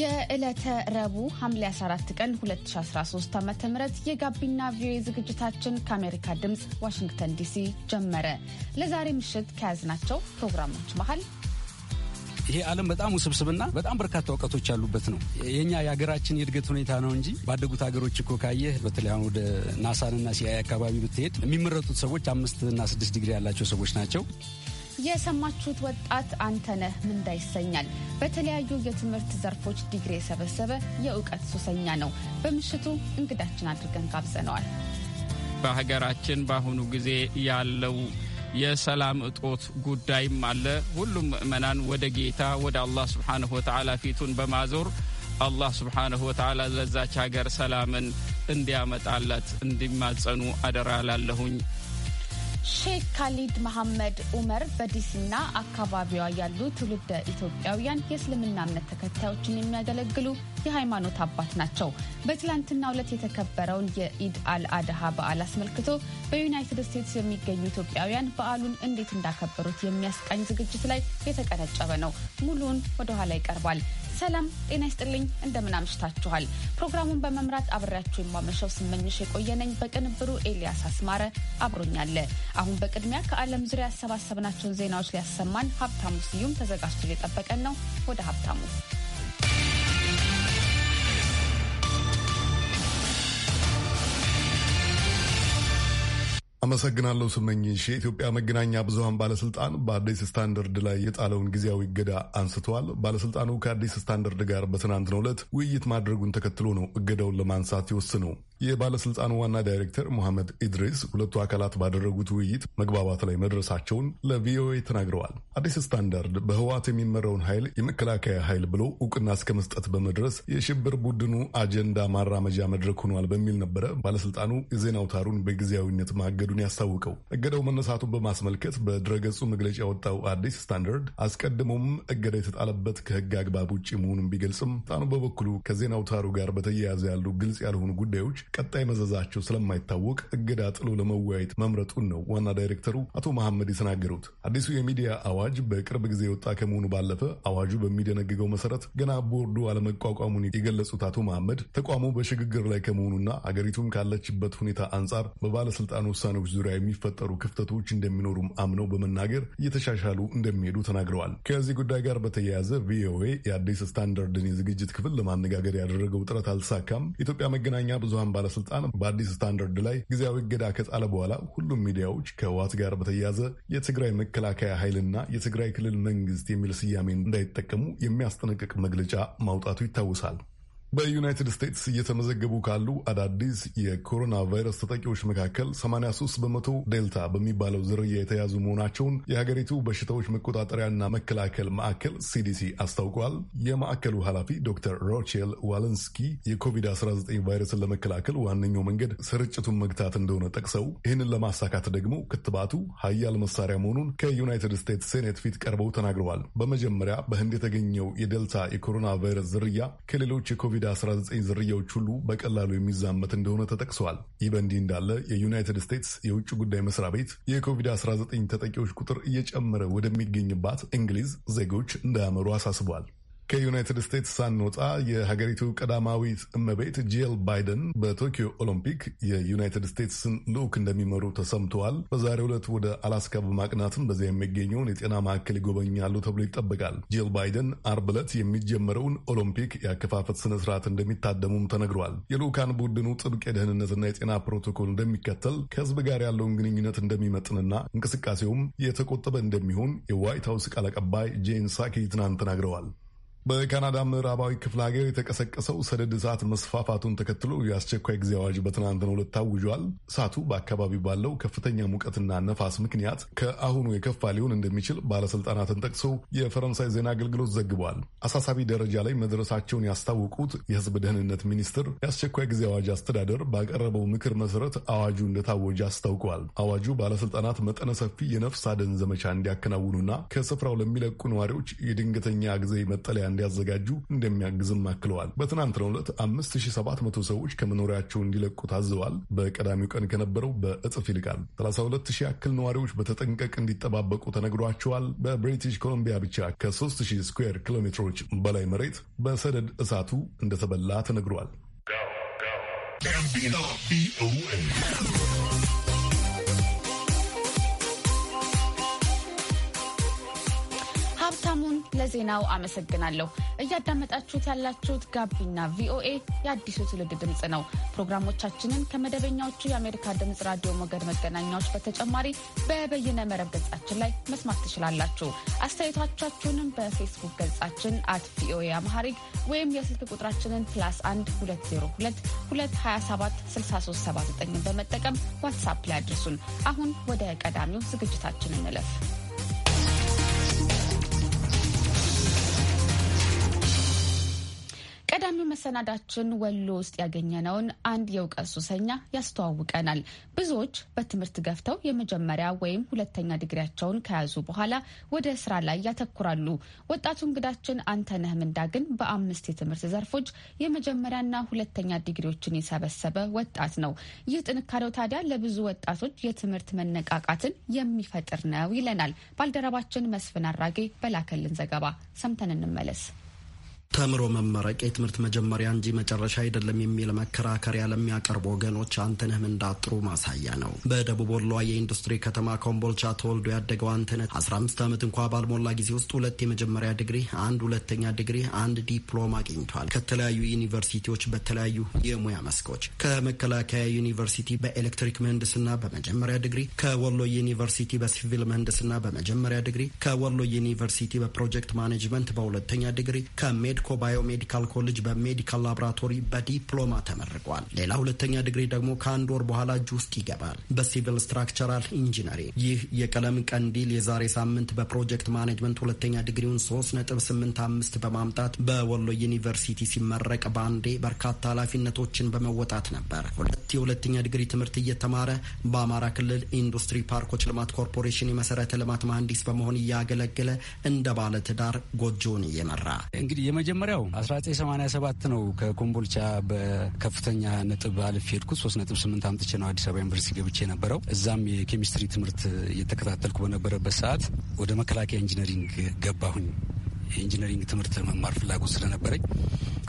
የዕለተ ረቡዕ ሐምሌ 14 ቀን 2013 ዓ ም የጋቢና ቪኦኤ ዝግጅታችን ከአሜሪካ ድምፅ ዋሽንግተን ዲሲ ጀመረ። ለዛሬ ምሽት ከያዝናቸው ፕሮግራሞች መሀል ይሄ ዓለም በጣም ውስብስብና በጣም በርካታ እውቀቶች ያሉበት ነው። የኛ የሀገራችን የእድገት ሁኔታ ነው እንጂ ባደጉት ሀገሮች እኮ ካየህ በተለይ አሁን ወደ ናሳንና ሲአይ አካባቢ ብትሄድ የሚመረጡት ሰዎች አምስትና ስድስት ዲግሪ ያላቸው ሰዎች ናቸው። የሰማችሁት ወጣት አንተነህ ምንዳ ይሰኛል። በተለያዩ የትምህርት ዘርፎች ዲግሪ የሰበሰበ የእውቀት ሱሰኛ ነው። በምሽቱ እንግዳችን አድርገን ጋብዘነዋል። በሀገራችን በአሁኑ ጊዜ ያለው የሰላም እጦት ጉዳይም አለ። ሁሉም ምእመናን ወደ ጌታ ወደ አላህ ስብሓንሁ ወተዓላ ፊቱን በማዞር አላህ ስብሓንሁ ወተዓላ ለዛች ሀገር ሰላምን እንዲያመጣላት እንዲማጸኑ አደራ ላለሁኝ ሼክ ካሊድ መሐመድ ኡመር በዲሲና አካባቢዋ ያሉ ትውልደ ኢትዮጵያውያን የእስልምና እምነት ተከታዮችን የሚያገለግሉ የሃይማኖት አባት ናቸው። በትላንትና ዕለት የተከበረውን የኢድ አልአድሃ በዓል አስመልክቶ በዩናይትድ ስቴትስ የሚገኙ ኢትዮጵያውያን በዓሉን እንዴት እንዳከበሩት የሚያስቃኝ ዝግጅት ላይ የተቀነጨበ ነው። ሙሉውን ወደኋላ ይቀርባል። ሰላም ጤና ይስጥልኝ። እንደምን አምሽታችኋል። ፕሮግራሙን በመምራት አብሬያችሁ የማመሸው ስመኝሽ የቆየነኝ፣ በቅንብሩ ኤልያስ አስማረ አብሮኛለ። አሁን በቅድሚያ ከዓለም ዙሪያ ያሰባሰብናቸውን ዜናዎች ሊያሰማን ሀብታሙ ስዩም ተዘጋጅቶ እየጠበቀን ነው። ወደ ሀብታሙ አመሰግናለሁ ስመኝሽ። የኢትዮጵያ መገናኛ ብዙሃን ባለስልጣን በአዲስ ስታንዳርድ ላይ የጣለውን ጊዜያዊ እገዳ አንስተዋል። ባለስልጣኑ ከአዲስ ስታንዳርድ ጋር በትናንትናው ዕለት ውይይት ማድረጉን ተከትሎ ነው እገዳውን ለማንሳት የወሰነው። የባለስልጣኑ ዋና ዳይሬክተር መሐመድ ኢድሪስ ሁለቱ አካላት ባደረጉት ውይይት መግባባት ላይ መድረሳቸውን ለቪኦኤ ተናግረዋል። አዲስ ስታንዳርድ በህወሓት የሚመራውን ኃይል የመከላከያ ኃይል ብሎ እውቅና እስከ መስጠት በመድረስ የሽብር ቡድኑ አጀንዳ ማራመጃ መድረክ ሆኗል በሚል ነበረ ባለስልጣኑ የዜና አውታሩን በጊዜያዊነት ማገዱን ያስታውቀው። እገዳው መነሳቱን በማስመልከት በድረገጹ መግለጫ ያወጣው አዲስ ስታንዳርድ አስቀድሞም እገዳ የተጣለበት ከህግ አግባብ ውጭ መሆኑን ቢገልጽም ጣኑ በበኩሉ ከዜና አውታሩ ጋር በተያያዘ ያሉ ግልጽ ያልሆኑ ጉዳዮች ቀጣይ መዘዛቸው ስለማይታወቅ እገዳ ጥሎ ለመወያየት መምረጡን ነው ዋና ዳይሬክተሩ አቶ መሐመድ የተናገሩት። አዲሱ የሚዲያ አዋጅ በቅርብ ጊዜ የወጣ ከመሆኑ ባለፈ አዋጁ በሚደነግገው መሰረት ገና ቦርዱ አለመቋቋሙን የገለጹት አቶ መሐመድ ተቋሙ በሽግግር ላይ ከመሆኑና አገሪቱም ካለችበት ሁኔታ አንጻር በባለስልጣን ውሳኔዎች ዙሪያ የሚፈጠሩ ክፍተቶች እንደሚኖሩም አምነው በመናገር እየተሻሻሉ እንደሚሄዱ ተናግረዋል። ከዚህ ጉዳይ ጋር በተያያዘ ቪኦኤ የአዲስ ስታንዳርድን የዝግጅት ክፍል ለማነጋገር ያደረገው ጥረት አልተሳካም። ኢትዮጵያ መገናኛ ብዙሃን ባለስልጣን በአዲስ ስታንዳርድ ላይ ጊዜያዊ እገዳ ከጣለ በኋላ ሁሉም ሚዲያዎች ከህወሓት ጋር በተያያዘ የትግራይ መከላከያ ኃይልና የትግራይ ክልል መንግስት የሚል ስያሜ እንዳይጠቀሙ የሚያስጠነቅቅ መግለጫ ማውጣቱ ይታወሳል። በዩናይትድ ስቴትስ እየተመዘገቡ ካሉ አዳዲስ የኮሮና ቫይረስ ተጠቂዎች መካከል 83 በመቶ ዴልታ በሚባለው ዝርያ የተያዙ መሆናቸውን የሀገሪቱ በሽታዎች መቆጣጠሪያና መከላከል ማዕከል ሲዲሲ አስታውቋል። የማዕከሉ ኃላፊ ዶክተር ሮቼል ዋለንስኪ የኮቪድ-19 ቫይረስን ለመከላከል ዋነኛው መንገድ ስርጭቱን መግታት እንደሆነ ጠቅሰው ይህንን ለማሳካት ደግሞ ክትባቱ ሀያል መሳሪያ መሆኑን ከዩናይትድ ስቴትስ ሴኔት ፊት ቀርበው ተናግረዋል። በመጀመሪያ በህንድ የተገኘው የዴልታ የኮሮና ቫይረስ ዝርያ ከሌሎች የኮቪድ የኮቪድ-19 ዝርያዎች ሁሉ በቀላሉ የሚዛመት እንደሆነ ተጠቅሰዋል። ይህ በእንዲህ እንዳለ የዩናይትድ ስቴትስ የውጭ ጉዳይ መስሪያ ቤት የኮቪድ-19 ተጠቂዎች ቁጥር እየጨመረ ወደሚገኝባት እንግሊዝ ዜጎች እንዳያመሩ አሳስቧል። ከዩናይትድ ስቴትስ ሳንወጣ የሀገሪቱ ቀዳማዊት እመቤት ጄል ባይደን በቶኪዮ ኦሎምፒክ የዩናይትድ ስቴትስን ልዑክ እንደሚመሩ ተሰምተዋል። በዛሬው ዕለት ወደ አላስካ በማቅናትም በዚያ የሚገኘውን የጤና ማዕከል ይጎበኛሉ ተብሎ ይጠበቃል። ጄል ባይደን አርብ ዕለት የሚጀመረውን ኦሎምፒክ የአከፋፈት ስነ ስርዓት እንደሚታደሙም ተነግሯል። የልዑካን ቡድኑ ጥብቅ የደህንነትና የጤና ፕሮቶኮል እንደሚከተል፣ ከህዝብ ጋር ያለውን ግንኙነት እንደሚመጥንና እንቅስቃሴውም የተቆጠበ እንደሚሆን የዋይት ሀውስ ቃል አቀባይ ጄን ሳኪ ትናንት ተናግረዋል። በካናዳ ምዕራባዊ ክፍለ ሀገር የተቀሰቀሰው ሰደድ እሳት መስፋፋቱን ተከትሎ የአስቸኳይ ጊዜ አዋጅ በትናንትናው ዕለት ታውጇል። እሳቱ በአካባቢው ባለው ከፍተኛ ሙቀትና ነፋስ ምክንያት ከአሁኑ የከፋ ሊሆን እንደሚችል ባለስልጣናትን ጠቅሶ የፈረንሳይ ዜና አገልግሎት ዘግቧል። አሳሳቢ ደረጃ ላይ መድረሳቸውን ያስታወቁት የህዝብ ደህንነት ሚኒስትር የአስቸኳይ ጊዜ አዋጅ አስተዳደር ባቀረበው ምክር መሰረት አዋጁ እንደታወጀ አስታውቋል። አዋጁ ባለስልጣናት መጠነ ሰፊ የነፍስ አደን ዘመቻ እንዲያከናውኑና ከስፍራው ለሚለቁ ነዋሪዎች የድንገተኛ ጊዜ መጠለያ እንዲያዘጋጁ እንደሚያግዝም አክለዋል። በትናንትናው ዕለት 5700 ሰዎች ከመኖሪያቸው እንዲለቁ ታዘዋል። በቀዳሚው ቀን ከነበረው በእጥፍ ይልቃል። 32000 ያክል ነዋሪዎች በተጠንቀቅ እንዲጠባበቁ ተነግሯቸዋል። በብሪቲሽ ኮሎምቢያ ብቻ ከ3000 ስኩዌር ኪሎ ሜትሮች በላይ መሬት በሰደድ እሳቱ እንደተበላ ተነግሯል። ለዜናው አመሰግናለሁ። እያዳመጣችሁት ያላችሁት ጋቢና ቪኦኤ የአዲሱ ትውልድ ድምፅ ነው። ፕሮግራሞቻችንን ከመደበኛዎቹ የአሜሪካ ድምፅ ራዲዮ ሞገድ መገናኛዎች በተጨማሪ በበይነ መረብ ገጻችን ላይ መስማት ትችላላችሁ። አስተያየቶቻችሁንም በፌስቡክ ገጻችን አት ቪኦኤ አማሐሪግ ወይም የስልክ ቁጥራችንን ፕላስ 1 202 227 6379 በመጠቀም ዋትሳፕ ላይ አድርሱን። አሁን ወደ ቀዳሚው ዝግጅታችን እንለፍ። በቀዳሚ መሰናዳችን ወሎ ውስጥ ያገኘነውን አንድ የእውቀት ሱሰኛ ያስተዋውቀናል። ብዙዎች በትምህርት ገፍተው የመጀመሪያ ወይም ሁለተኛ ዲግሪያቸውን ከያዙ በኋላ ወደ ስራ ላይ ያተኩራሉ። ወጣቱ እንግዳችን አንተነህ ምንዳ ግን በአምስት የትምህርት ዘርፎች የመጀመሪያና ሁለተኛ ዲግሪዎችን የሰበሰበ ወጣት ነው። ይህ ጥንካሬው ታዲያ ለብዙ ወጣቶች የትምህርት መነቃቃትን የሚፈጥር ነው ይለናል። ባልደረባችን መስፍን አራጌ በላከልን ዘገባ ሰምተን እንመለስ። ተምሮ መመረቅ የትምህርት መጀመሪያ እንጂ መጨረሻ አይደለም የሚል መከራከሪያ ለሚያቀርቡ ወገኖች አንተነህ እንዳጥሩ ማሳያ ነው። በደቡብ ወሎ የኢንዱስትሪ ከተማ ኮምቦልቻ ተወልዶ ያደገው አንተነህ 15 ዓመት እንኳ ባልሞላ ጊዜ ውስጥ ሁለት የመጀመሪያ ዲግሪ፣ አንድ ሁለተኛ ዲግሪ፣ አንድ ዲፕሎማ አግኝቷል። ከተለያዩ ዩኒቨርሲቲዎች በተለያዩ የሙያ መስኮች ከመከላከያ ዩኒቨርሲቲ በኤሌክትሪክ ምህንድስና በመጀመሪያ ዲግሪ፣ ከወሎ ዩኒቨርሲቲ በሲቪል ምህንድስና በመጀመሪያ ዲግሪ፣ ከወሎ ዩኒቨርሲቲ በፕሮጀክት ማኔጅመንት በሁለተኛ ዲግሪ ከሜ በሜድኮ ባዮ ሜዲካል ኮሌጅ በሜዲካል ላቦራቶሪ በዲፕሎማ ተመርቋል። ሌላ ሁለተኛ ዲግሪ ደግሞ ከአንድ ወር በኋላ እጅ ውስጥ ይገባል በሲቪል ስትራክቸራል ኢንጂነሪንግ። ይህ የቀለም ቀንዲል የዛሬ ሳምንት በፕሮጀክት ማኔጅመንት ሁለተኛ ዲግሪውን አምስት በማምጣት በወሎ ዩኒቨርሲቲ ሲመረቅ በአንዴ በርካታ ኃላፊነቶችን በመወጣት ነበር። ሁለት የሁለተኛ ዲግሪ ትምህርት እየተማረ በአማራ ክልል ኢንዱስትሪ ፓርኮች ልማት ኮርፖሬሽን የመሰረተ ልማት መሀንዲስ በመሆን እያገለገለ እንደ ባለ ትዳር ጎጆውን እየመራ እንግዲህ የመጀመሪያው 1987 ነው። ከኮምቦልቻ በከፍተኛ ነጥብ አልፍ ሄድኩት። 3.8 አምጥቼ ነው አዲስ አበባ ዩኒቨርሲቲ ገብቼ የነበረው። እዛም የኬሚስትሪ ትምህርት እየተከታተልኩ በነበረበት ሰዓት ወደ መከላከያ ኢንጂነሪንግ ገባሁኝ። የኢንጂነሪንግ ትምህርት መማር ፍላጎት ስለነበረኝ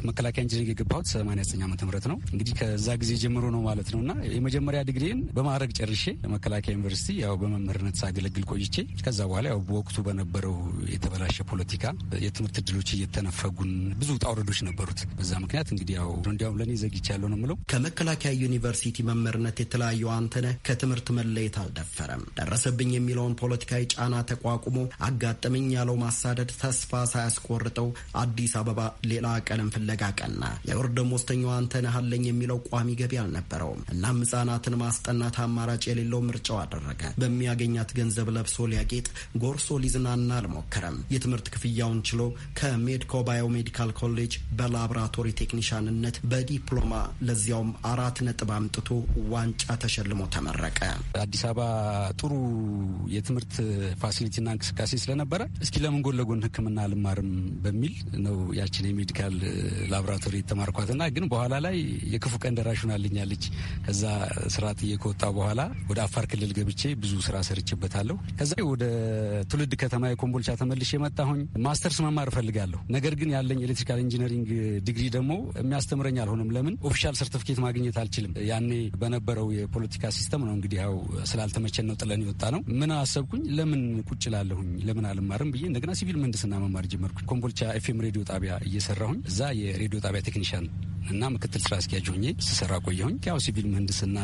መከላከያ ኢንጂነሪንግ የገባሁት 89 ዓመተ ምህረት ነው። እንግዲህ ከዛ ጊዜ ጀምሮ ነው ማለት ነው እና የመጀመሪያ ዲግሪን በማዕረግ ጨርሼ መከላከያ ዩኒቨርሲቲ ያው በመምህርነት ሳገለግል ቆይቼ ከዛ በኋላ ያው በወቅቱ በነበረው የተበላሸ ፖለቲካ የትምህርት እድሎች እየተነፈጉን ብዙ ውጣ ውረዶች ነበሩት። በዛ ምክንያት እንግዲህ ያው እንዲያውም ለእኔ ዘግቻለሁ ነው የምለው። ከመከላከያ ዩኒቨርሲቲ መምህርነት የተለያዩ አንተነህ ከትምህርት መለየት አልደፈረም። ደረሰብኝ የሚለውን ፖለቲካዊ ጫና ተቋቁሞ አጋጠመኝ ያለው ማሳደድ ተስፋ ሳያስቆርጠው አዲስ አበባ ሌላ ቀለም ፍለጋ ቀና። የወር ደመወዝተኛው አንተነህ የሚለው ቋሚ ገቢ አልነበረውም። እናም ህጻናትን ማስጠናት አማራጭ የሌለው ምርጫው አደረገ። በሚያገኛት ገንዘብ ለብሶ ሊያጌጥ፣ ጎርሶ ሊዝናና አልሞከረም። የትምህርት ክፍያውን ችሎ ከሜድኮ ባዮሜዲካል ኮሌጅ በላብራቶሪ ቴክኒሻንነት በዲፕሎማ ለዚያውም አራት ነጥብ አምጥቶ ዋንጫ ተሸልሞ ተመረቀ። አዲስ አበባ ጥሩ የትምህርት ፋሲሊቲና እንቅስቃሴ ስለነበረ እስኪ ለምን ጎን ለጎን ህክምና አልማርም በሚል ነው ያችን የሜዲካል ላቦራቶሪ የተማርኳትና ግን በኋላ ላይ የክፉ ቀን ደራሽ ሆናልኛለች። ከዛ ስርዓት እየከወጣ በኋላ ወደ አፋር ክልል ገብቼ ብዙ ስራ ሰርችበታለሁ። ከዛ ወደ ትውልድ ከተማ የኮምቦልቻ ተመልሼ የመጣሁኝ ማስተርስ መማር እፈልጋለሁ። ነገር ግን ያለኝ ኤሌክትሪካል ኢንጂነሪንግ ዲግሪ ደግሞ የሚያስተምረኝ አልሆነም። ለምን ኦፊሻል ሰርቲፊኬት ማግኘት አልችልም። ያኔ በነበረው የፖለቲካ ሲስተም ነው እንግዲህ ያው ስላልተመቸን ነው ጥለን የወጣ ነው። ምን አሰብኩኝ፣ ለምን ቁጭ ላለሁኝ ለምን አልማርም ብዬ እንደገና ሲቪል ምህንድስና መማር ጀመርኩ። ኮምቦልቻ ኤፍኤም ሬዲዮ ጣቢያ እየሰራሁኝ እዛ የሬዲዮ ጣቢያ ቴክኒሽያን እና ምክትል ስራ አስኪያጅ ሆኜ ስሰራ ቆየሁኝ። ያው ሲቪል ምህንድስና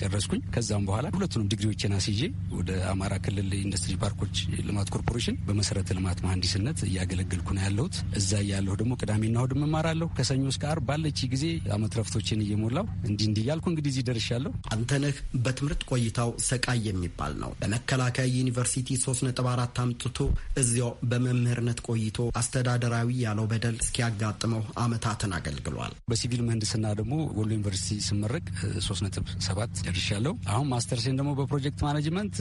ጨረስኩኝ። ከዛም በኋላ ሁለቱንም ዲግሪዎችን አስይዤ ወደ አማራ ክልል ኢንዱስትሪ ፓርኮች ልማት ኮርፖሬሽን በመሰረተ ልማት መሀንዲስነት እያገለገልኩ ነው ያለሁት። እዛ እያለሁ ደግሞ ቅዳሜና እሑድ እማራለሁ። ከሰኞ እስከ አር ባለች ጊዜ አመት ረፍቶችን እየሞላው እንዲህ እንዲህ እያልኩ እንግዲህ እዚህ ደርሻለሁ። አንተነህ በትምህርት ቆይታው ሰቃይ የሚባል ነው። በመከላከያ ዩኒቨርሲቲ 3.4 አምጥቶ እዚያው በመምህርነት ቆይ ቆይቶ አስተዳደራዊ ያለው በደል እስኪያጋጥመው አመታትን አገልግሏል። በሲቪል ምህንድስና ደግሞ ወሎ ዩኒቨርሲቲ ስመረቅ ሶስት ነጥብ ሰባት ደርሻለሁ። አሁን ማስተርሴን ደግሞ በፕሮጀክት ማኔጅመንት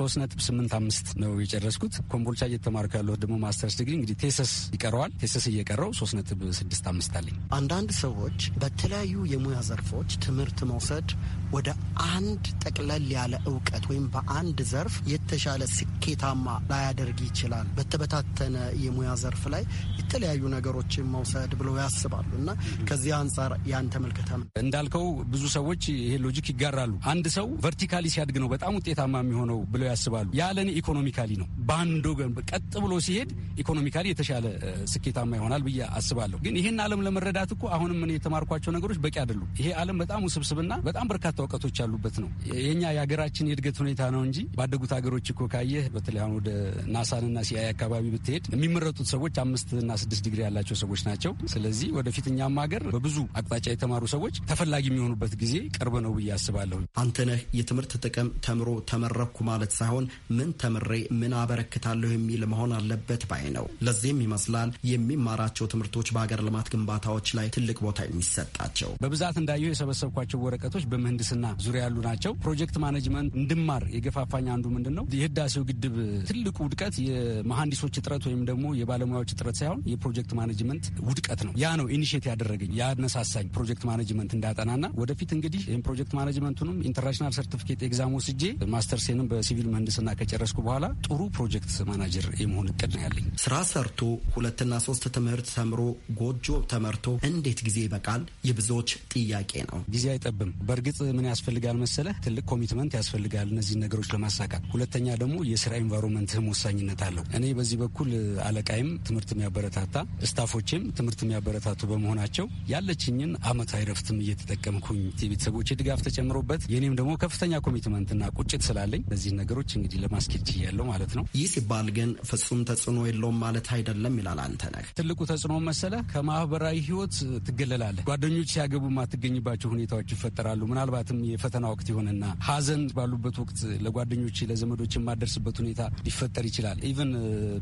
ሶስት ነጥብ ስምንት አምስት ነው የጨረስኩት። ኮምቦልቻ እየተማርኩ ያለሁት ደግሞ ማስተርስ ዲግሪ እንግዲህ ቴሰስ ይቀረዋል። ቴሰስ እየቀረው ሶስት ነጥብ ስድስት አምስት አለኝ። አንዳንድ ሰዎች በተለያዩ የሙያ ዘርፎች ትምህርት መውሰድ ወደ አንድ ጠቅለል ያለ እውቀት ወይም በአንድ ዘርፍ የተሻለ ስኬታማ ላያደርግ ይችላል። በተበታተነ የሙያ ዘርፍ ላይ የተለያዩ ነገሮችን መውሰድ ብለው ያስባሉ እና ከዚህ አንጻር ያን ተመልከተ ነው እንዳልከው ብዙ ሰዎች ይሄ ሎጂክ ይጋራሉ። አንድ ሰው ቨርቲካሊ ሲያድግ ነው በጣም ውጤታማ የሚሆነው ብለው ያስባሉ። ያለን ኢኮኖሚካሊ ነው። በአንድ ወገን ቀጥ ብሎ ሲሄድ ኢኮኖሚካሊ የተሻለ ስኬታማ ይሆናል ብዬ አስባለሁ። ግን ይህን ዓለም ለመረዳት እኮ አሁንም እኔ የተማርኳቸው ነገሮች በቂ አይደሉም። ይሄ ዓለም በጣም ውስብስብና በጣም በርካታ እውቀቶች ያሉበት ነው። የኛ የሀገራችን የእድገት ሁኔታ ነው እንጂ ባደጉት ሀገሮች እኮ ካየህ በተለይ አሁን ወደ ናሳንና ሲአይ አካባቢ ብትሄድ የሚመረጡት ሰዎች አምስትና ስድስት ዲግሪ ያላቸው ሰዎች ናቸው። ስለዚህ ወደፊት እኛም ሀገር በብዙ አቅጣጫ የተማሩ ሰዎች ተፈላጊ የሚሆኑበት ጊዜ ቅርብ ነው ብዬ አስባለሁ። አንተነህ የትምህርት ጥቅም ተምሮ ተመረኩ ማለት ሳይሆን ምን ተምሬ ምን አበረክታለሁ የሚል መሆን አለበት ባይ ነው። ለዚህም ይመስላል የሚማራቸው ትምህርቶች በሀገር ልማት ግንባታዎች ላይ ትልቅ ቦታ የሚሰጣቸው። በብዛት እንዳየው የሰበሰብኳቸው ወረቀቶች በምህንድስ በፍልስፍና ዙሪያ ያሉ ናቸው። ፕሮጀክት ማኔጅመንት እንድማር የገፋፋኝ አንዱ ምንድን ነው የህዳሴው ግድብ ትልቁ ውድቀት የመሐንዲሶች እጥረት ወይም ደግሞ የባለሙያዎች እጥረት ሳይሆን የፕሮጀክት ማኔጅመንት ውድቀት ነው። ያ ነው ኢኒሽት ያደረገኝ ያነሳሳኝ ፕሮጀክት ማኔጅመንት እንዳጠናና ወደፊት እንግዲህ ይህም ፕሮጀክት ማኔጅመንቱንም ኢንተርናሽናል ሰርቲፊኬት ኤግዛም ወስጄ ማስተርሴንም በሲቪል ምህንድስና ከጨረስኩ በኋላ ጥሩ ፕሮጀክት ማናጀር የመሆን እቅድ ነው ያለኝ። ስራ ሰርቶ ሁለትና ሶስት ትምህርት ተምሮ ጎጆ ተመርቶ እንዴት ጊዜ ይበቃል? የብዙዎች ጥያቄ ነው። ጊዜ አይጠብም። በእርግጥ ምን ያስፈልጋል መሰለህ? ትልቅ ኮሚትመንት ያስፈልጋል እነዚህን ነገሮች ለማሳካት። ሁለተኛ ደግሞ የስራ ኤንቫይሮንመንትህም ወሳኝነት አለው። እኔ በዚህ በኩል አለቃይም ትምህርት የሚያበረታታ ስታፎችም ትምህርት የሚያበረታቱ በመሆናቸው ያለችኝን አመታዊ ረፍትም እየተጠቀምኩኝ የቤተሰቦች ድጋፍ ተጨምሮበት የኔም ደግሞ ከፍተኛ ኮሚትመንትና ቁጭት ስላለኝ እነዚህ ነገሮች እንግዲህ ለማስኬድ ችያለው ማለት ነው። ይህ ሲባል ግን ፍጹም ተጽዕኖ የለውም ማለት አይደለም ይላል አንተነህ። ትልቁ ተጽዕኖ መሰለህ ከማህበራዊ ህይወት ትገለላለህ። ጓደኞች ሲያገቡ ማትገኝባቸው ሁኔታዎች ይፈጠራሉ ምናልባት ምናልባትም የፈተና ወቅት ይሆንና ሀዘን ባሉበት ወቅት ለጓደኞች ለዘመዶች የማደርስበት ሁኔታ ሊፈጠር ይችላል። ኢቨን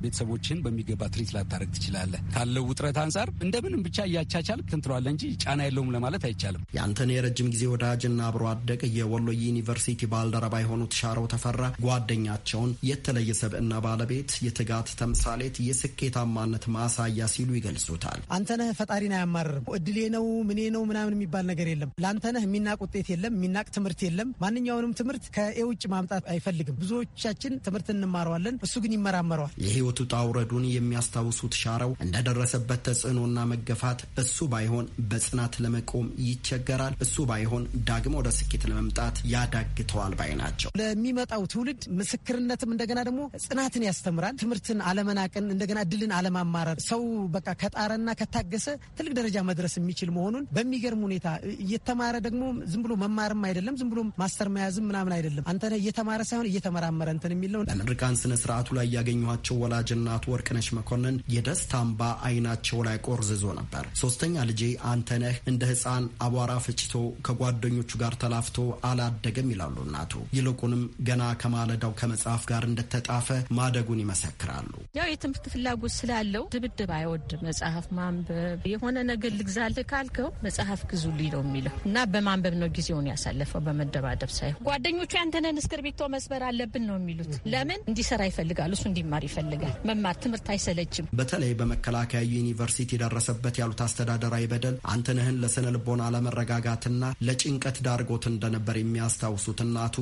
ቤተሰቦችን በሚገባ ትሪት ላታደረግ ትችላለህ። ካለው ውጥረት አንጻር እንደምንም ብቻ እያቻቻል ትንትለዋለ እንጂ ጫና የለውም ለማለት አይቻልም። ያንተን የረጅም ጊዜ ወዳጅና አብሮ አደግ የወሎ ዩኒቨርሲቲ ባልደረባ የሆኑት ሻረው ተፈራ ጓደኛቸውን የተለየ ሰብዕና ባለቤት፣ የትጋት ተምሳሌት፣ የስኬታማነት ማሳያ ሲሉ ይገልጹታል። አንተነህ ፈጣሪን አያማርርም። እድሌ ነው ምኔ ነው ምናምን የሚባል ነገር የለም። ለአንተነህ የሚናቅ ውጤት የለም የለም፣ የሚናቅ ትምህርት የለም። ማንኛውንም ትምህርት ከውጭ ማምጣት አይፈልግም። ብዙዎቻችን ትምህርት እንማረዋለን፣ እሱ ግን ይመራመረዋል። የህይወቱ ጣውረዱን የሚያስታውሱት ሻረው እንደደረሰበት ተጽዕኖና መገፋት እሱ ባይሆን በጽናት ለመቆም ይቸገራል፣ እሱ ባይሆን ዳግም ወደ ስኬት ለመምጣት ያዳግተዋል ባይ ናቸው። ለሚመጣው ትውልድ ምስክርነትም እንደገና ደግሞ ጽናትን ያስተምራል። ትምህርትን አለመናቅን፣ እንደገና ድልን አለማማረር፣ ሰው በቃ ከጣረና ከታገሰ ትልቅ ደረጃ መድረስ የሚችል መሆኑን በሚገርም ሁኔታ እየተማረ ደግሞ ዝም ብሎ መማ መማርም አይደለም ዝም ብሎ ማስተር መያዝም ምናምን አይደለም። አንተ እየተማረ ሳይሆን እየተመራመረ እንትን የሚለው በምርቃን ስነ ስርዓቱ ላይ ያገኘኋቸው ወላጅ እናት ወርቅነሽ መኮንን የደስታ እንባ አይናቸው ላይ ቆርዝዞ ነበር። ሶስተኛ ልጄ አንተነህ እንደ ህፃን አቧራ ፍጭቶ ከጓደኞቹ ጋር ተላፍቶ አላደገም ይላሉ እናቱ። ይልቁንም ገና ከማለዳው ከመጽሐፍ ጋር እንደተጣፈ ማደጉን ይመሰክራሉ። ያው የትምህርት ፍላጎት ስላለው ድብድብ አይወድም። መጽሐፍ ማንበብ የሆነ ነገር ልግዛልህ ካልከው መጽሐፍ ግዙልኝ ነው የሚለው እና በማንበብ ነው ጊዜውን ያሳለፈው በመደባደብ ሳይሆን ጓደኞቹ ያንተነን እስክርቢቶ መስበር አለብን ነው የሚሉት። ለምን እንዲሰራ ይፈልጋል፣ እሱ እንዲማር ይፈልጋል። መማር ትምህርት አይሰለችም። በተለይ በመከላከያ ዩኒቨርሲቲ የደረሰበት ያሉት አስተዳደራዊ በደል አንተነህን ለስነ ልቦና አለመረጋጋትና ለጭንቀት ዳርጎት እንደነበር የሚያስታውሱት እናቱ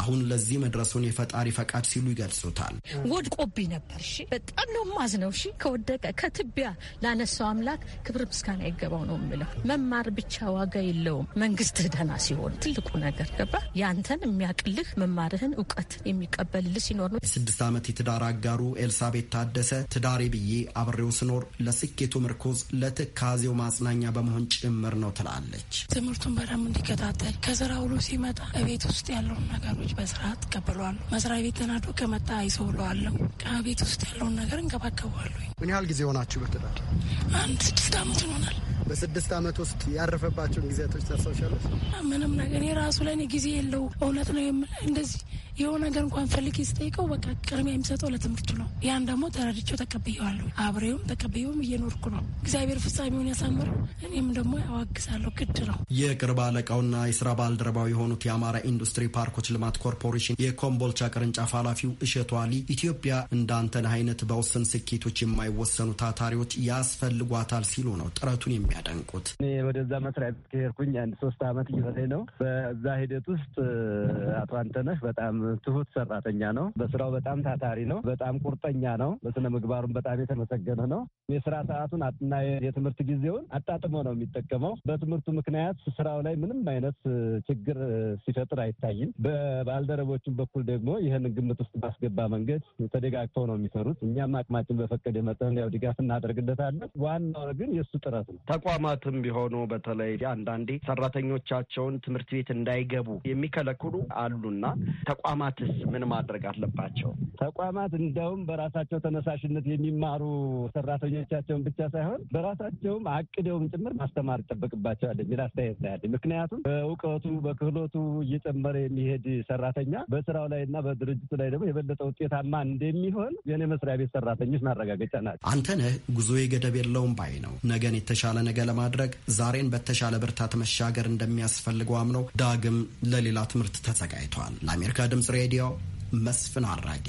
አሁን ለዚህ መድረሱን የፈጣሪ ፈቃድ ሲሉ ይገልጹታል። ወድቆቢ ነበር። እሺ በጣም ነው ማዝነው። እሺ ከወደቀ ከትቢያ ላነሳው አምላክ ክብር ምስጋና ይገባው ነው የምለው። መማር ብቻ ዋጋ የለውም መንግስት ደህና ሲሆን ትልቁ ነገር ገባ ያንተን የሚያቅልህ መማርህን እውቀት የሚቀበልልህ ሲኖር ነው። የስድስት ዓመት የትዳር አጋሩ ኤልሳቤት ታደሰ ትዳሬ ብዬ አብሬው ስኖር ለስኬቱ ምርኮዝ ለትካዜው ማጽናኛ በመሆን ጭምር ነው ትላለች። ትምህርቱን በደንብ እንዲከታተል ከስራ ውሎ ሲመጣ ቤት ውስጥ ያለውን ነገሮች በስርዓት ቀበለዋል። መስሪያ ቤት ተናዶ ከመጣ አይሰውለዋለሁ። ከቤት ውስጥ ያለውን ነገር እንከባከበዋለሁ። ምን ያህል ጊዜ ሆናችሁ በትዳር? አንድ ስድስት ዓመት ይሆናል። በስድስት ዓመት ውስጥ ያረፈባቸውን ጊዜያቶች ታስታውሻለች? ምንም ነገር የራሱ ለእኔ ጊዜ የለው። እውነት ነው የምልህ እንደዚህ የሆነ ነገር እንኳን ፈልጌ ስጠይቀው በቃ ቅድሚያ የሚሰጠው ለትምህርቱ ነው። ያን ደግሞ ተረድቼው ተቀብየዋለሁ። አብሬውም ተቀብየውም እየኖርኩ ነው። እግዚአብሔር ፍጻሜውን ያሳምር እኔም ደግሞ ያዋግዛለሁ ግድ ነው። የቅርብ አለቃውና የስራ ባልደረባው የሆኑት የአማራ ኢንዱስትሪ ፓርኮች ልማት ኮርፖሬሽን የኮምቦልቻ ቅርንጫፍ ኃላፊው እሸቱ አሊ ኢትዮጵያ እንዳንተን አይነት በውስን ስኬቶች የማይወሰኑ ታታሪዎች ያስፈልጓታል ሲሉ ነው ጥረቱን የሚያደንቁት። እኔ ወደዛ መስሪያ ቤት ከሄድኩኝ አንድ ሶስት አመት እየበላይ ነው። በዛ ሂደት ውስጥ አቶ አንተነህ በጣም ትሁት ሰራተኛ ነው። በስራው በጣም ታታሪ ነው። በጣም ቁርጠኛ ነው። በስነ ምግባሩን በጣም የተመሰገነ ነው። የስራ ሰዓቱን እና የትምህርት ጊዜውን አጣጥሞ ነው የሚጠቀመው። በትምህርቱ ምክንያት ስራው ላይ ምንም አይነት ችግር ሲፈጥር አይታይም። በባልደረቦችን በኩል ደግሞ ይህንን ግምት ውስጥ ባስገባ መንገድ ተደጋግተው ነው የሚሰሩት። እኛም አቅማችን በፈቀደ መጠን ያው ድጋፍ እናደርግለታለን። ዋናው ግን የእሱ ጥረት ነው። ተቋማትም ቢሆኑ በተለይ አንዳንዴ ሰራተኞቻቸውን ትምህርት ትምህርት ቤት እንዳይገቡ የሚከለክሉ አሉና ተቋማትስ ምን ማድረግ አለባቸው? ተቋማት እንዲያውም በራሳቸው ተነሳሽነት የሚማሩ ሰራተኞቻቸውን ብቻ ሳይሆን በራሳቸውም አቅደውም ጭምር ማስተማር ይጠበቅባቸዋል የሚል አስተያየት ነው ያለኝ። ምክንያቱም በእውቀቱ በክህሎቱ እየጨመረ የሚሄድ ሰራተኛ በስራው ላይ እና በድርጅቱ ላይ ደግሞ የበለጠ ውጤታማ እንደሚሆን የኔ መስሪያ ቤት ሰራተኞች ማረጋገጫ ናቸው። አንተነህ ጉዞ ገደብ የለውም ባይ ነው። ነገን የተሻለ ነገ ለማድረግ ዛሬን በተሻለ ብርታት መሻገር እንደሚያስፈልገው አምነው ዳግም ለሌላ ትምህርት ተዘጋጅቷል። ለአሜሪካ ድምጽ ሬዲዮ መስፍን አራጌ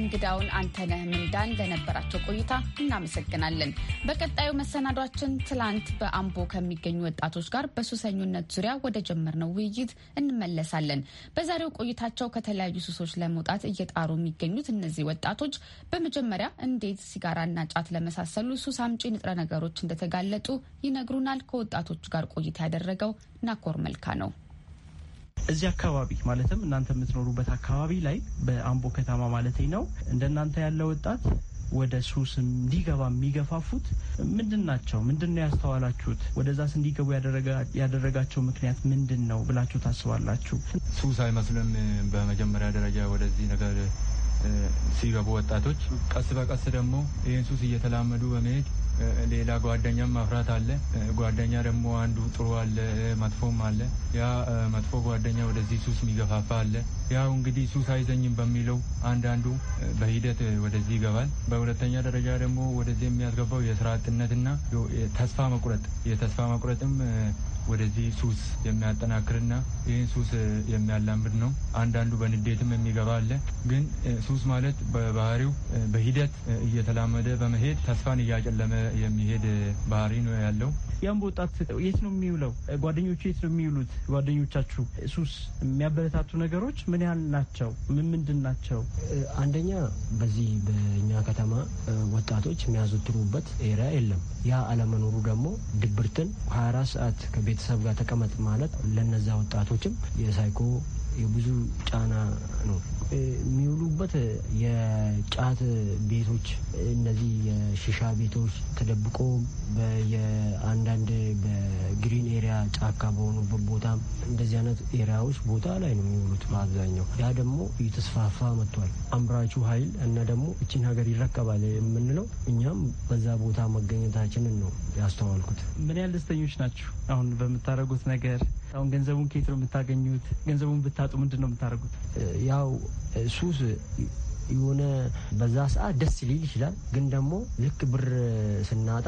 እንግዳውን አንተነህ ምንዳን ለነበራቸው ቆይታ እናመሰግናለን። በቀጣዩ መሰናዷችን ትላንት በአምቦ ከሚገኙ ወጣቶች ጋር በሱሰኙነት ዙሪያ ወደ ጀመርነው ውይይት እንመለሳለን። በዛሬው ቆይታቸው ከተለያዩ ሱሶች ለመውጣት እየጣሩ የሚገኙት እነዚህ ወጣቶች በመጀመሪያ እንዴት ሲጋራና ጫት ለመሳሰሉ ሱስ አምጪ ንጥረ ነገሮች እንደተጋለጡ ይነግሩናል። ከወጣቶቹ ጋር ቆይታ ያደረገው ናኮር መልካ ነው። እዚህ አካባቢ ማለትም እናንተ የምትኖሩበት አካባቢ ላይ በአምቦ ከተማ ማለት ነው እንደናንተ ያለ ወጣት ወደ ሱስ እንዲገባ የሚገፋፉት ምንድን ናቸው? ምንድን ነው ያስተዋላችሁት? ወደዛስ እንዲገቡ ያደረጋቸው ምክንያት ምንድን ነው ብላችሁ ታስባላችሁ? ሱስ አይመስልም። በመጀመሪያ ደረጃ ወደዚህ ነገር ሲገቡ ወጣቶች ቀስ በቀስ ደግሞ ይህን ሱስ እየተላመዱ በመሄድ ሌላ ጓደኛም ማፍራት አለ። ጓደኛ ደግሞ አንዱ ጥሩ አለ፣ መጥፎም አለ። ያ መጥፎ ጓደኛ ወደዚህ ሱስ የሚገፋፋ አለ። ያው እንግዲህ ሱስ አይዘኝም በሚለው አንዳንዱ በሂደት ወደዚህ ይገባል። በሁለተኛ ደረጃ ደግሞ ወደዚህ የሚያስገባው የስራ አጥነትና ተስፋ መቁረጥ የተስፋ መቁረጥም ወደዚህ ሱስ የሚያጠናክርና ይህን ሱስ የሚያላምድ ነው። አንዳንዱ በንዴትም የሚገባ አለ። ግን ሱስ ማለት በባህሪው በሂደት እየተላመደ በመሄድ ተስፋን እያጨለመ የሚሄድ ባህሪ ነው ያለው። ያም በወጣት የት ነው የሚውለው? ጓደኞቹ የት ነው የሚውሉት? ጓደኞቻችሁ ሱስ የሚያበረታቱ ነገሮች ምን ያህል ናቸው? ምን ምንድን ናቸው? አንደኛ በዚህ በእኛ ከተማ ወጣቶች የሚያዘወትሩበት ኤሪያ የለም። ያ አለመኖሩ ደግሞ ድብርትን 24 ሰዓት ከቤት ቤተሰብ ጋር ተቀመጥ ማለት ለነዛ ወጣቶችም የሳይኮ የብዙ ጫና ነው የሚውሉበት። የጫት ቤቶች፣ እነዚህ የሽሻ ቤቶች ተደብቆ የአንዳንድ በግሪን ኤሪያ ጫካ በሆኑበት ቦታ እንደዚህ አይነት ኤሪያዎች ቦታ ላይ ነው የሚውሉት በአብዛኛው። ያ ደግሞ እየተስፋፋ መጥቷል። አምራቹ ኃይል እና ደግሞ እችን ሀገር ይረከባል የምንለው እኛም በዛ ቦታ መገኘታችንን ነው ያስተዋልኩት። ምን ያህል ደስተኞች ናችሁ አሁን በምታደርጉት ነገር? አሁን ገንዘቡን ከየት ነው የምታገኙት? ገንዘቡን ብታጡ ምንድን ነው የምታደርጉት? ያው ሱስ የሆነ በዛ ሰዓት ደስ ሊል ይችላል። ግን ደግሞ ልክ ብር ስናጣ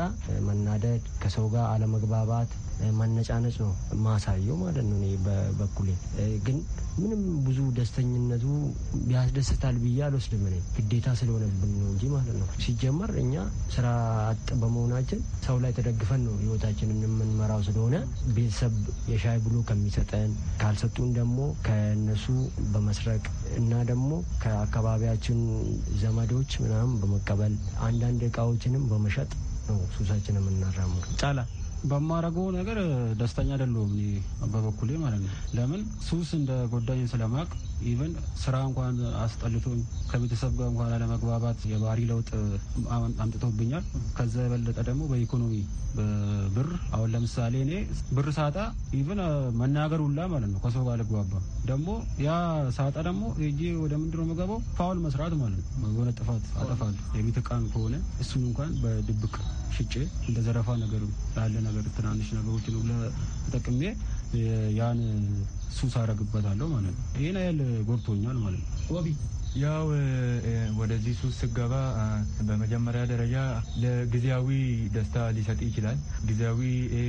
መናደድ፣ ከሰው ጋር አለመግባባት ማነጫነጭ ነው ማሳየው ማለት ነው። በበኩሌ ግን ምንም ብዙ ደስተኝነቱ ያስደስታል ብዬ አልወስድም። እኔ ግዴታ ስለሆነብን ነው እንጂ ማለት ነው። ሲጀመር እኛ ስራ አጥ በመሆናችን ሰው ላይ ተደግፈን ነው ህይወታችንን የምንመራው ስለሆነ ቤተሰብ የሻይ ብሎ ከሚሰጠን ካልሰጡን ደግሞ ከነሱ በመስረቅ እና ደግሞ ከአካባቢያችን ዘመዶች ምናምን በመቀበል አንዳንድ እቃዎችንም በመሸጥ ነው ሱሳችን የምናራምዱ ጫላ በማረገው ነገር ደስተኛ አይደለሁም እኔ በበኩሌ ማለት ነው። ለምን ሱስ እንደ ጎዳኝ ስለማቅ ኢቨን ስራ እንኳን አስጠልቶኝ ከቤተሰብ ጋር እንኳን አለመግባባት የባህሪ ለውጥ አምጥቶብኛል። ከዛ የበለጠ ደግሞ በኢኮኖሚ ብር አሁን ለምሳሌ እኔ ብር ሳጣ ኢቨን uh, መናገር ሁላ ማለት ነው ከሰው ጋር ልግባባ ደግሞ ያ ሳጣ ደግሞ ሄጄ ወደ ምንድነው የምገባው ፋውል መስራት ማለት ነው። የሆነ ጥፋት አጠፋል የቤት እቃም ከሆነ እሱን እንኳን በድብቅ ሽጬ እንደ ዘረፋ ነገር ያለ ነገር ትናንሽ ነገሮችን ሁላ ተጠቅሜ ያን ሱስ አረግበታለሁ ማለት ነው። ይህን ያህል ጎድቶኛል ማለት ነው። ያው ወደዚህ ሱስ ስገባ በመጀመሪያ ደረጃ ለጊዜያዊ ደስታ ሊሰጥ ይችላል። ጊዜያዊ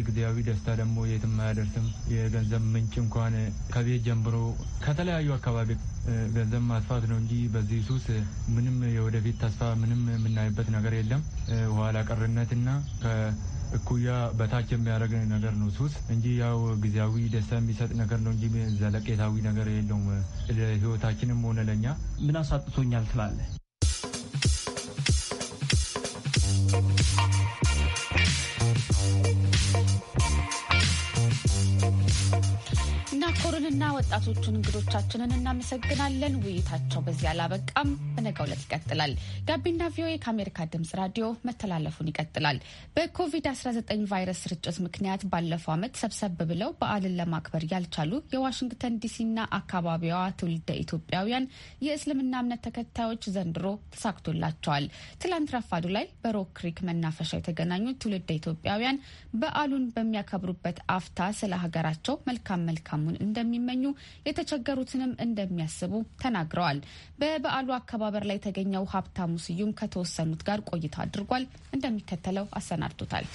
ጊዜያዊ ደስታ ደግሞ የትም አያደርስም። የገንዘብ ምንጭ እንኳን ከቤት ጀምሮ ከተለያዩ አካባቢ ገንዘብ ማጥፋት ነው እንጂ በዚህ ሱስ ምንም የወደፊት ተስፋ ምንም የምናይበት ነገር የለም። ኋላ ቀርነትና እኩያ በታች የሚያደርግን ነገር ነው ሱስ እንጂ ያው ጊዜያዊ ደስታ የሚሰጥ ነገር ነው እንጂ ዘለቄታዊ ነገር የለውም። ለህይወታችንም ሆነ ለእኛ ምን አሳጥቶኛል ትላለህ? ወጣቶቹን እንግዶቻችንን እናመሰግናለን። ውይይታቸው በዚህ አላበቃም፣ በነገው ዕለት ይቀጥላል። ጋቢና ቪኦኤ ከአሜሪካ ድምጽ ራዲዮ መተላለፉን ይቀጥላል። በኮቪድ-19 ቫይረስ ስርጭት ምክንያት ባለፈው ዓመት ሰብሰብ ብለው በዓልን ለማክበር ያልቻሉ የዋሽንግተን ዲሲና አካባቢዋ ትውልደ ኢትዮጵያውያን የእስልምና እምነት ተከታዮች ዘንድሮ ተሳክቶላቸዋል። ትላንት ረፋዱ ላይ በሮክ ክሪክ መናፈሻ የተገናኙ ትውልደ ኢትዮጵያውያን በዓሉን በሚያከብሩበት አፍታ ስለ ሀገራቸው መልካም መልካሙን እንደሚመኙ የተቸገሩትንም እንደሚያስቡ ተናግረዋል። በበዓሉ አከባበር ላይ የተገኘው ሀብታሙ ስዩም ከተወሰኑት ጋር ቆይታ አድርጓል። እንደሚከተለው አሰናድቶታል።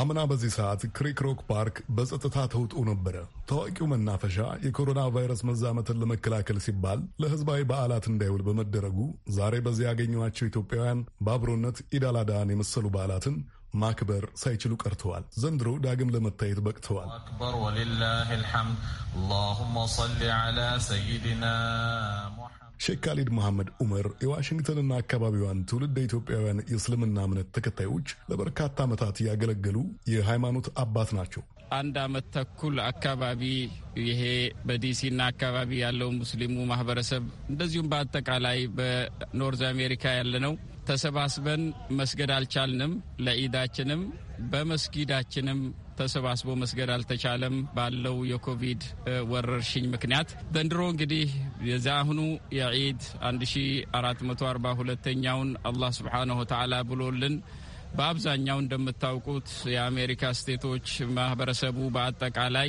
አምና በዚህ ሰዓት ክሪክ ሮክ ፓርክ በጸጥታ ተውጦ ነበረ። ታዋቂው መናፈሻ የኮሮና ቫይረስ መዛመትን ለመከላከል ሲባል ለሕዝባዊ በዓላት እንዳይውል በመደረጉ ዛሬ በዚህ ያገኘኋቸው ኢትዮጵያውያን በአብሮነት ኢዳላዳን የመሰሉ በዓላትን ማክበር ሳይችሉ ቀርተዋል። ዘንድሮ ዳግም ለመታየት በቅተዋል። አክበር ወሊላሂል ሐምድ ሼክ ካሊድ መሐመድ ዑመር የዋሽንግተንና አካባቢዋን ትውልድ ኢትዮጵያውያን የእስልምና እምነት ተከታዮች ለበርካታ ዓመታት ያገለገሉ የሃይማኖት አባት ናቸው። አንድ አመት ተኩል አካባቢ ይሄ በዲሲና አካባቢ ያለው ሙስሊሙ ማህበረሰብ እንደዚሁም በአጠቃላይ በኖርዝ አሜሪካ ያለነው ተሰባስበን መስገድ አልቻልንም። ለኢዳችንም በመስጊዳችንም ተሰባስቦ መስገድ አልተቻለም ባለው የኮቪድ ወረርሽኝ ምክንያት። ዘንድሮ እንግዲህ የዛ አሁኑ የዒድ 1442ኛውን አላህ ስብሓነሁ ወተዓላ ብሎልን በአብዛኛው እንደምታውቁት የአሜሪካ ስቴቶች ማህበረሰቡ በአጠቃላይ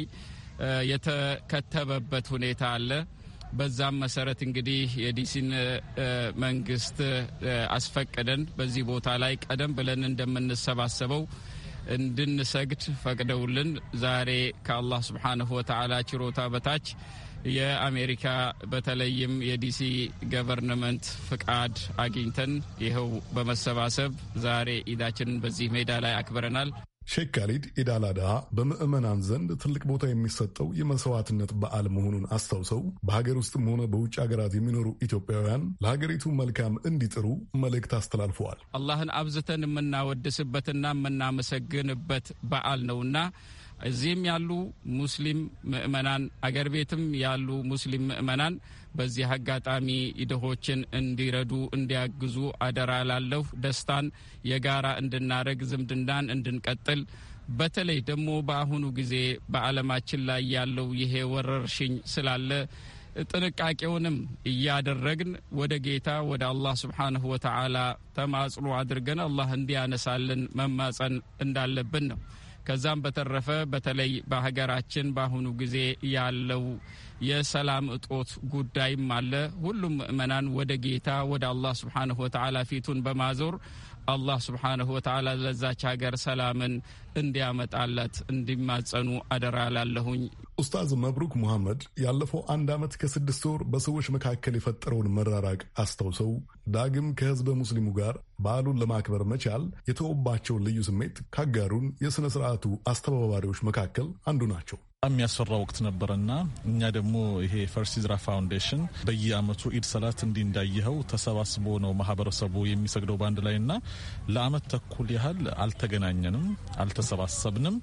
የተከተበበት ሁኔታ አለ። በዛም መሰረት እንግዲህ የዲሲን መንግስት አስፈቅደን በዚህ ቦታ ላይ ቀደም ብለን እንደምንሰባሰበው እንድንሰግድ ፈቅደውልን ዛሬ ከአላህ ስብሓንሁ ወተዓላ ችሮታ በታች የአሜሪካ በተለይም የዲሲ ገቨርንመንት ፍቃድ አግኝተን ይኸው በመሰባሰብ ዛሬ ኢዳችንን በዚህ ሜዳ ላይ አክብረናል። ሼክ ካሊድ ኢድ አልአድሃ በምዕመናን ዘንድ ትልቅ ቦታ የሚሰጠው የመስዋዕትነት በዓል መሆኑን አስታውሰው በሀገር ውስጥም ሆነ በውጭ ሀገራት የሚኖሩ ኢትዮጵያውያን ለሀገሪቱ መልካም እንዲጥሩ መልእክት አስተላልፈዋል። አላህን አብዝተን የምናወድስበትና የምናመሰግንበት በዓል ነውና እዚህም ያሉ ሙስሊም ምዕመናን አገር ቤትም ያሉ ሙስሊም ምዕመናን በዚህ አጋጣሚ ድሆችን እንዲረዱ እንዲያግዙ አደራ ላለሁ ደስታን የጋራ እንድናደረግ ዝምድናን እንድንቀጥል በተለይ ደግሞ በአሁኑ ጊዜ በዓለማችን ላይ ያለው ይሄ ወረርሽኝ ስላለ ጥንቃቄውንም እያደረግን ወደ ጌታ ወደ አላህ ስብሓንሁ ወተዓላ ተማጽኖ አድርገን አላህ እንዲያነሳልን መማጸን እንዳለብን ነው። ከዛም በተረፈ በተለይ በሀገራችን በአሁኑ ጊዜ ያለው የሰላም እጦት ጉዳይም አለ። ሁሉም ምእመናን ወደ ጌታ ወደ አላህ ስብሓንሁ ወተዓላ ፊቱን በማዞር አላህ ስብሓንሁ ወተዓላ ለዛች ሀገር ሰላምን እንዲያመጣለት እንዲማጸኑ አደራ ላለሁኝ። ኡስታዝ መብሩክ ሙሐመድ ያለፈው አንድ ዓመት ከስድስት ወር በሰዎች መካከል የፈጠረውን መራራቅ አስታውሰው ዳግም ከህዝበ ሙስሊሙ ጋር በዓሉን ለማክበር መቻል የተወባቸውን ልዩ ስሜት ካጋሩን የሥነ ሥርዓቱ አስተባባሪዎች መካከል አንዱ ናቸው። የሚያስፈራ ወቅት ነበረና እኛ ደግሞ ይሄ ፈርስ ሂጅራ ፋውንዴሽን በየአመቱ ኢድ ሰላት እንዲህ እንዳየኸው ተሰባስቦ ነው ማህበረሰቡ የሚሰግደው በአንድ ላይ እና ለአመት ተኩል ያህል አልተገናኘንም፣ አልተሰባሰብንም።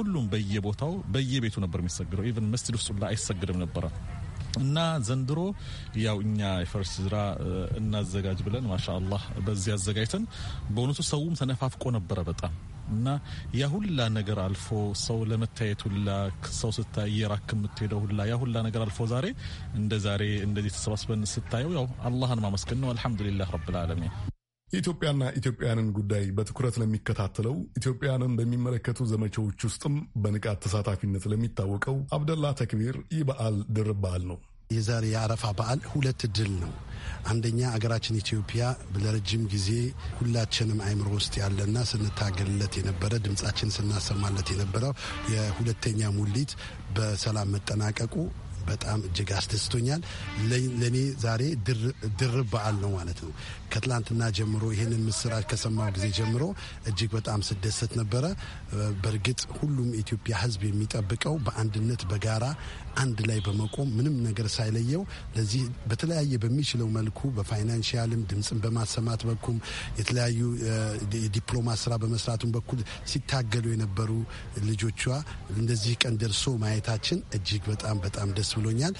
ሁሉም በየቦታው በየቤቱ ነበር የሚሰግደው። ኢቨን መስጅድ ውስጥ ሁላ አይሰግድም ነበረ። እና ዘንድሮ ያው እኛ የፈርስ ሂጅራ እናዘጋጅ ብለን ማሻ አላህ በዚህ አዘጋጅተን በእውነቱ ሰውም ተነፋፍቆ ነበረ በጣም እና ያ ሁላ ነገር አልፎ ሰው ለመታየት ሁላ ሰው ስታይ እየራክ የምትሄደው ሁላ ያ ሁላ ነገር አልፎ ዛሬ እንደ ዛሬ እንደዚህ ተሰባስበን ስታየው ያው አላህን ማመስገን ነው። አልሐምዱሊላህ ረብል ዓለሚን። የኢትዮጵያና ኢትዮጵያውያንን ጉዳይ በትኩረት ለሚከታተለው ኢትዮጵያውያንን በሚመለከቱ ዘመቻዎች ውስጥም በንቃት ተሳታፊነት ለሚታወቀው አብደላ ተክቢር ይህ በዓል ድርብ በዓል ነው። የዛሬ የአረፋ በዓል ሁለት ድል ነው። አንደኛ አገራችን ኢትዮጵያ ለረጅም ጊዜ ሁላችንም አይምሮ ውስጥ ያለና ስንታገልለት የነበረ ድምጻችን ስናሰማለት የነበረው የሁለተኛ ሙሊት በሰላም መጠናቀቁ በጣም እጅግ አስደስቶኛል። ለእኔ ዛሬ ድርብ በዓል ነው ማለት ነው። ከትላንትና ጀምሮ ይህንን ምስራች ከሰማው ጊዜ ጀምሮ እጅግ በጣም ስደሰት ነበረ። በእርግጥ ሁሉም ኢትዮጵያ ሕዝብ የሚጠብቀው በአንድነት በጋራ አንድ ላይ በመቆም ምንም ነገር ሳይለየው ለዚህ በተለያየ በሚችለው መልኩ በፋይናንሽያልም ድምፅን በማሰማት በኩም የተለያዩ የዲፕሎማ ስራ በመስራቱን በኩል ሲታገሉ የነበሩ ልጆቿ እንደዚህ ቀን ደርሶ ማየታችን እጅግ በጣም በጣም ደስ ብሎኛል።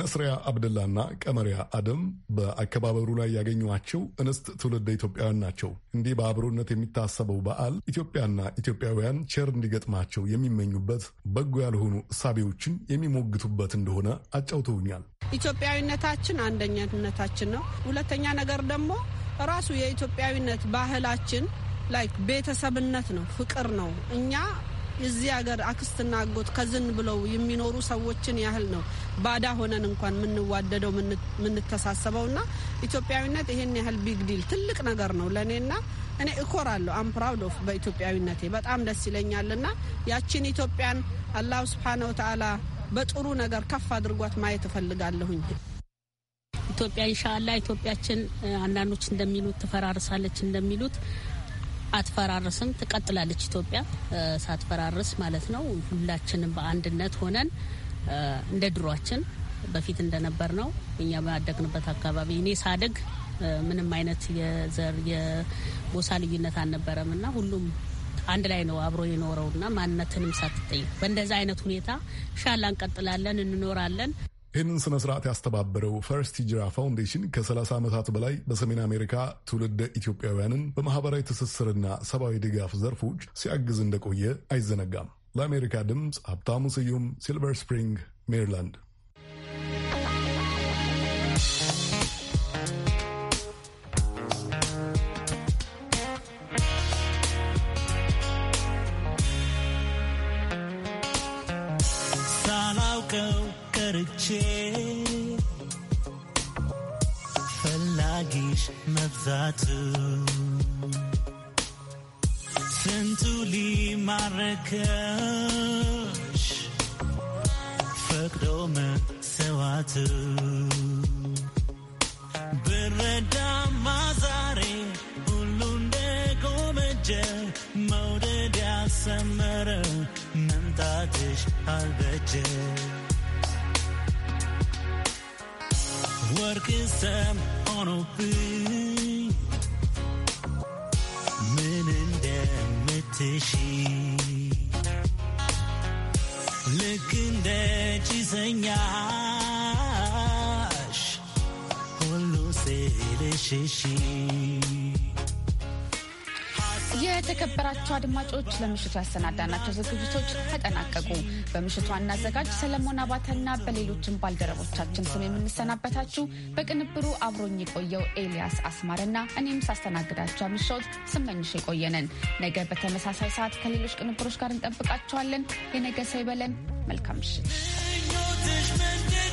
ነስሪያ አብደላና ቀመሪያ አደም በአከባበሩ ላይ ያገኟቸው እንስት ትውልደ ኢትዮጵያውያን ናቸው። እንዲህ በአብሮነት የሚታሰበው በዓል ኢትዮጵያና ኢትዮጵያውያን ቸር እንዲገጥማቸው የሚመኙበት፣ በጎ ያልሆኑ እሳቤዎችን የሚሞግቱበት እንደሆነ አጫውተውኛል። ኢትዮጵያዊነታችን አንደኛነታችን ነው። ሁለተኛ ነገር ደግሞ ራሱ የኢትዮጵያዊነት ባህላችን ላይ ቤተሰብነት ነው፣ ፍቅር ነው። እኛ እዚህ ሀገር አክስትና አጎት ከዝን ብለው የሚኖሩ ሰዎችን ያህል ነው ባዳ ሆነን እንኳን የምንዋደደው የምንተሳሰበው። ና ኢትዮጵያዊነት ይሄን ያህል ቢግ ዲል ትልቅ ነገር ነው ለእኔና እኔ እኮራለሁ። አም ፕራውድ ኦፍ በኢትዮጵያዊነቴ በጣም ደስ ይለኛል። ና ያችን ኢትዮጵያን አላሁ ስብሓን ወተአላ በጥሩ ነገር ከፍ አድርጓት ማየት እፈልጋለሁኝ። ኢትዮጵያ ኢንሻአላ ኢትዮጵያችን አንዳንዶች እንደሚሉት ትፈራርሳለች እንደሚሉት አትፈራርስም፣ ትቀጥላለች ኢትዮጵያ ሳትፈራርስ ማለት ነው። ሁላችንም በአንድነት ሆነን እንደ ድሯችን በፊት እንደነበር ነው። እኛ ባደግንበት አካባቢ እኔ ሳድግ ምንም አይነት የዘር የጎሳ ልዩነት አልነበረም እና ሁሉም አንድ ላይ ነው አብሮ የኖረው ና ማንነትንም ሳትጠይቅ በእንደዛ አይነት ሁኔታ ሻላ እንቀጥላለን፣ እንኖራለን። ይህንን ስነ ስርዓት ያስተባበረው ፈርስት ሂጅራ ፋውንዴሽን ከ30 ዓመታት በላይ በሰሜን አሜሪካ ትውልደ ኢትዮጵያውያንን በማህበራዊ ትስስርና ሰብአዊ ድጋፍ ዘርፎች ሲያግዝ እንደቆየ አይዘነጋም። ለአሜሪካ ድምፅ ሀብታሙ ስዩም ሲልቨር ስፕሪንግ ሜሪላንድ ብርታቱ ስንቱ ሊማረከሽ ፈቅዶ መሰዋቱ ብረዳማ ዛሬ ሁሉ እንደጎመጀ መውደድ ያሰመረ መምጣትሽ አልበጀ ወርቅ ሰም ሆኖብሽ ትሺ ልክ እንደ ጭሰኛሽ ሁሉ ስልሽሺ የተከበራቸው አድማጮች ለምሽቱ ያሰናዳናቸው ዝግጅቶች ተጠናቀቁ። በምሽቱ አናዘጋጅ ሰለሞን አባተና በሌሎችም ባልደረቦቻችን ስም የምንሰናበታችሁ በቅንብሩ አብሮኝ የቆየው ኤልያስ አስማርና እኔም ሳስተናግዳችሁ ምሽት ስመኝሽ የቆየንን ነገ በተመሳሳይ ሰዓት ከሌሎች ቅንብሮች ጋር እንጠብቃችኋለን። የነገ ሰው ይበለን። መልካም ምሽት።